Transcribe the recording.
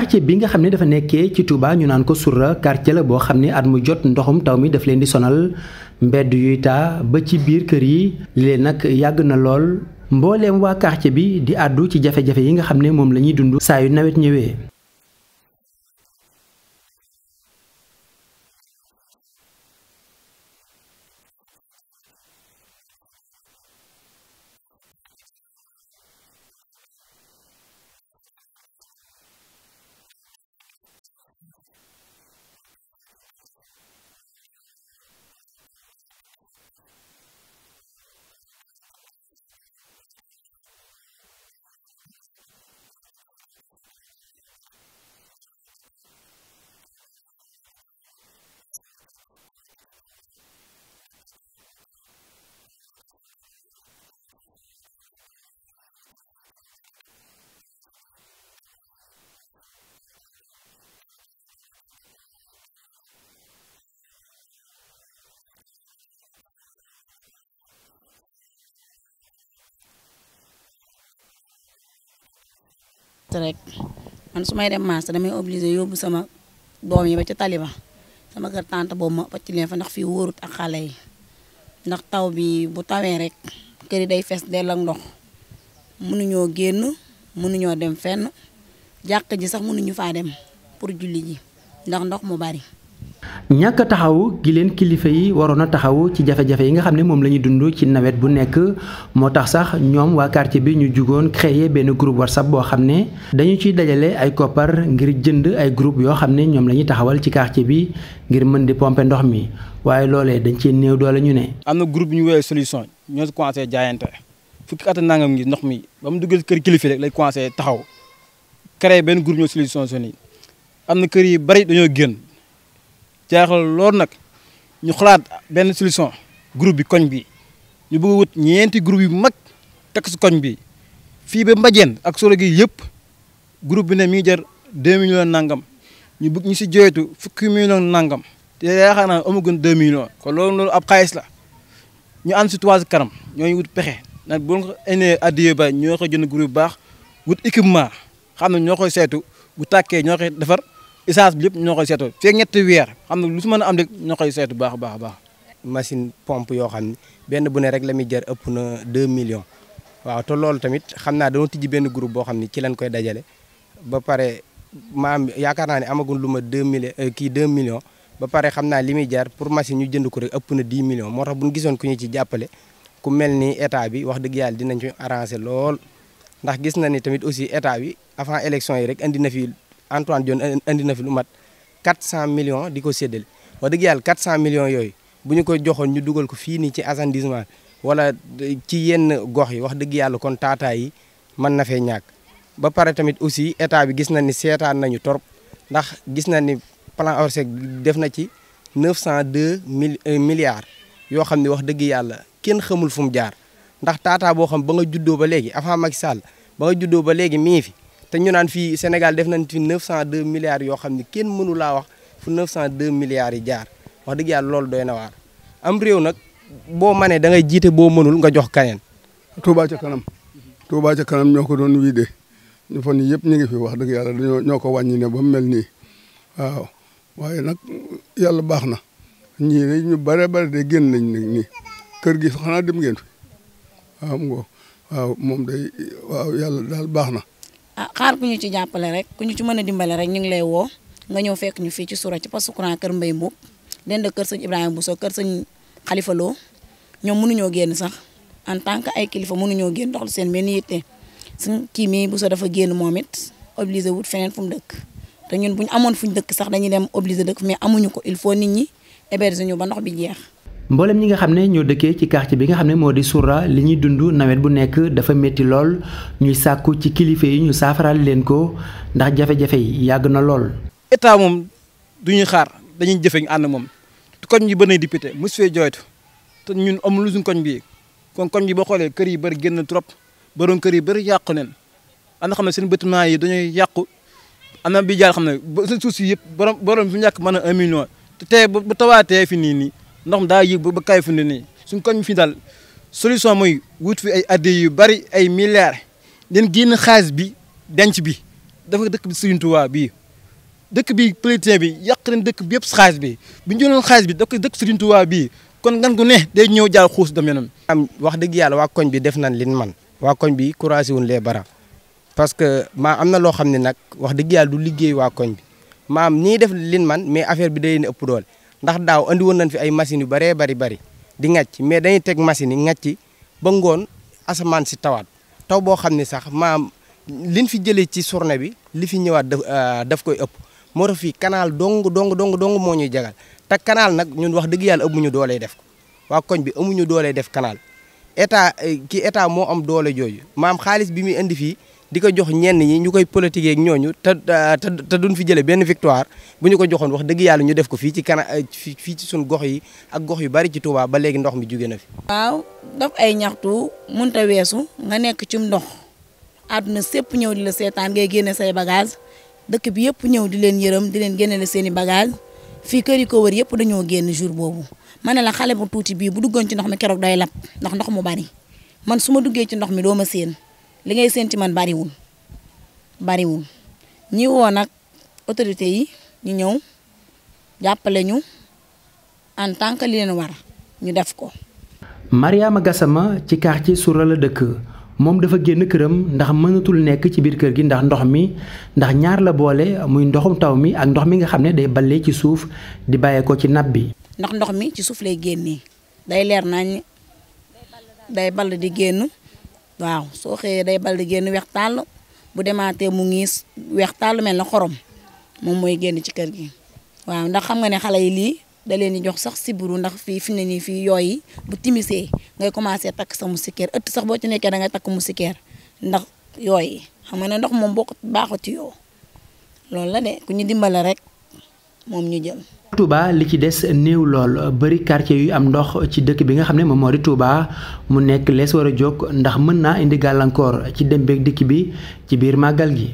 quartier bi nga xam ne dafa nekkee ci Touba ñu naan ko Surra quartier la boo xam ne at mu jot ndoxum taw mi daf leen di sonal mbedd yuy taa ba ci biir kër yi li nag yàgg na lool mbooleem waa quartier bi di àddu ci jafe-jafe yi nga xam ne moom la ñuy dund saa yu nawet ñëwee rek man su may dem marché damay obligé yóbbu sama doom yi ba ca tali ba sama kër tante boobu ma pàcc leen fa ndax fii wóorut ak xale yi ndax taw bi bu tawee rek kër yi day fees dell ak ndox mënuñoo génn mënuñoo dem fenn jàkk ji sax mënuñu faa dem pour julli ji ndax ndox mu bari ñàkk taxaw gi leen kilifa yi waroon a taxaw ci jafe-jafe yi nga xam ne moom la ñuy dund ci nawet bu nekk moo tax sax ñoom waa quartier bi ñu jugoon créer benn groupe whatsapp boo xam ne dañu ciy dajale ay koppar ngir jënd ay groupe yoo xam ne ñoom la ñuy taxawal ci quartier bi ngir mën di pomper ndox mi waaye loole dañ cee néew doole ñu ne. am na groupe ñu woowee solution ñoo si jaayante fukki at nangam ngi ndox mi ba mu duggal kër kilifa rek lay commencé taxaw benn groupe ñoo solution am na kër yi bari dañoo génn. jaaxal lool nag ñu xalaat benn solution groupe bi koñ bi ñu bëgg wut ñeenti groupe yu mag teg si koñ bi fii ba Mbadiène ak solo gi yëpp groupe bi ne mi ngi jar deux millions nangam ñu bëgg ñu si joyetu fukki millions nangam te yaakaar naa amagun deux millions. kon loolu ab xaalis la ñu ànd si toise kanam ñoo ñooñu wut pexe nag bu ko indee addiya ba ñoo ko jënd groupe bu baax wut équipement xam na ñoo koy seetu bu tàkkee ñoo koy defar. essence bi lépp ñoo koy seetu feeg ñetti weer xam ne lu si mën a am rek ñoo koy seetu baax baax baax machine pompe yoo xam ne benn bu ne rek la muy jar ëpp na deux millions waaw te loolu tamit xam naa dañoo tijji benn groupe boo xam ne ci lañ koy dajale ba pare maam yaakaar naa ne amagul lu ma 2 millions euh, kii 2 millions ba pare xam naa li muy jar pour machine ñu jënd ko rek ëpp na 10 millions moo tax bu ñu gisoon ku ñu ci jàppale ku mel ni état bi wax dëgg yàlla dinañ ci arrangé lool ndax gis na ni tamit aussi état bi avant élection yi rek indi na fi Antoine Diome indi na fi lu mat 400 million di ko séddale wax dëgg yàlla 400 millions yooyu bu ñu ko joxoon ñu dugal ko fii nii ci assainissement wala ci yenn gox yi wax dëgg yàlla kon taataa yi mën na fee ñàkk. ba pare tamit aussi état bi gis na ni seetaan nañu torop ndax gis na ni plan ORSEC def na ci 902 mil euh, milliards yoo xam ne wax dëgg yàlla kenn xamul fu mu jaar ndax taataa boo xam ba nga juddoo ba léegi avant Macky Sall ba nga juddoo ba léegi mi ngi fi. te ñu naan fii Sénégal def nañ cent 902 milliards yoo xam ni kenn mënu laa wax fu 902 milliards yi jaar wax dëgg yàlla loolu doy na waar am réew nag boo manee da ngay jiite boo mënul nga jox keneen. Touba ca kanam Touba ca kanam ñoo ko doon wiide ñu fo yii yëpp ñu ngi fi wax dëgg yàlla dañoo ñoo ko wàññi ne ba mel nii nag yàlla baax na ñii ñu bare bare de génn nañ nag nii kër gi sax xanaa dem ngeen fi waaw waaw moom day waaw yàlla daal baax na. ah xaar ku ñu ci jàppale rek ku ñu ci mën a dimbale rek ñu ngi lay woo nga ñëw fekk ñu fii ci Soura ci poste courant kër Mbay Mbuub dend kër sëñ bu soo kër sëñ Xalifa Lo ñoom mënuñoo génn sax en tant que ay kilifa mënuñoo génn doxal seen benn yitte suñ kii mii Bousso dafa génn moom it obligé wut feneen fu dëkk te ñun bu ñu amoon fuñ dëkk sax dañuy dem obligé dëkk mais amuñu ko il faut nit ñi héberger ñu ba ndox bi jeex mboolem ñi nga xam ne ñoo dëkkee ci quartier bi nga xam ne moo di Soura li ñuy dund nawet bu nekk dafa métti lool ñuy sàkku ci kilifa yi ñu saafaraal leen ko ndax jafe-jafe yi yàgg na lool. état moom du ñuy xaar dañuy jëfee ñu ànd moom koñ bi bëri na député mos fee ñun amul lu koñ bi kon koñ bi boo xoolee kër yi bëri génn trop borom kër yi bëri yàqu neen ana xam ne seen bâtiment yi dañuy yàqu. am bi jaar xam ne ba suuf si yëpp borom borom fi ñàkk mën a un million te tey bu tawaatee fi nii nii ndox mi daa yëg ba kaay fu ne nii suñ koñ fi daal solution mooy wut fi ay addi yu bari ay milliards den génn xaalis bi denc bi dafa dëkk bi Serigne bi dëkk bi politicien bi yàq leen dëkk bi yëpp xaalis bi bu ñu jëloon xaalis bi daf dëkk Serigne Touba bii kon gan gu ne day ñëw jaal xuus dem yoonam am wax dëgg yàlla waa koñ bi def nañ lin man waa koñ bi couragé wuñ les bara parce que maa am na loo xam ne nag wax dëgg yàlla liggéey waa koñ bi maam ñii def lin man mais affaire bi day ëpp doole ndax daaw andi woon nañ fi ay machines yu bëree bari bari di ŋàcc mais dañuy teg machines yi ŋàcc ba ngoon asamaan si tawaat taw boo xam ni sax maam liñ fi jëlee ci journée bi li fi ñëwaat euh, daf koy ëpp moo tax fii canal dong dong dong dong moo ñuy jagal te kanaal nag ñun wax dëgg yàlla amuñu doolee def ko waa koñ bi amuñu doole def kanaal état ki état moo am doole jooju maam xaalis bi muy indi fii di ko jox ñenn ñi ñu koy politique ak ñooñu te te fi jëlee benn victoire bu ñu ko joxoon wax dëgg yàlla ñu def ko fii ci kana eh, fii ci suñu gox yi ak gox yu bari ci Touba ba léegi ndox mi jóge na fi. waaw daf ay ñaxtu mënta weesu nga nekk ci ndox àdduna sépp ñëw di la seetaan ngay génne say bagage dëkk bi yëpp ñëw di leen yërëm di leen génne seen i bagage fii kër yi ko wër yëpp dañoo génn jur boobu ma ne la xale bu tuuti bii bu duggoon ci ndox mi keroog day lap ndax ndox mu bari man su ma duggee ci ndox mi doo ma seen li ngay sénti man bariwul bariwul ñi woo nag autorité yi ñu ñëw jàppale ñu en tant que li leen war ñu def ko. Mariama Gassama ci quartier Soura la dëkk moom dafa génn këram ndax mënatul nekk ci biir kër gi ndax ndox mi ndax ñaar la boole muy ndoxum taw mi ak ndox mi nga xam ne day balee ci suuf di ko ci nappe bi. ndax ndox mi ci suuf lay génnee day leer nañ day ball di génn. waaw soo xëyee day bal di génn weex tàll bu demaatee mu ngiis weex tàll mel na xorom moom mooy génn ci kër gi waaw ndax xam nga ne xale yi lii da leen di jox sax siburu ndax fii fi ne nii fii yooyu bu timisee ngay commencé takk sa musikeer ëtt sax boo ci nekkee da ngay takk musikeer ndax xam nga ne ndox moom boo ko baaxut yoo loolu la de ku ñu dimbale rek moom ñu jël. Touba li ci des néew lool bëri quartier yu am ndox ci dëkk bi nga xam ne moom moo di Touba mu nekk lees war a jóg ndax mën naa indi gàllankoor ci dem dikk bi ci biir màggal gi.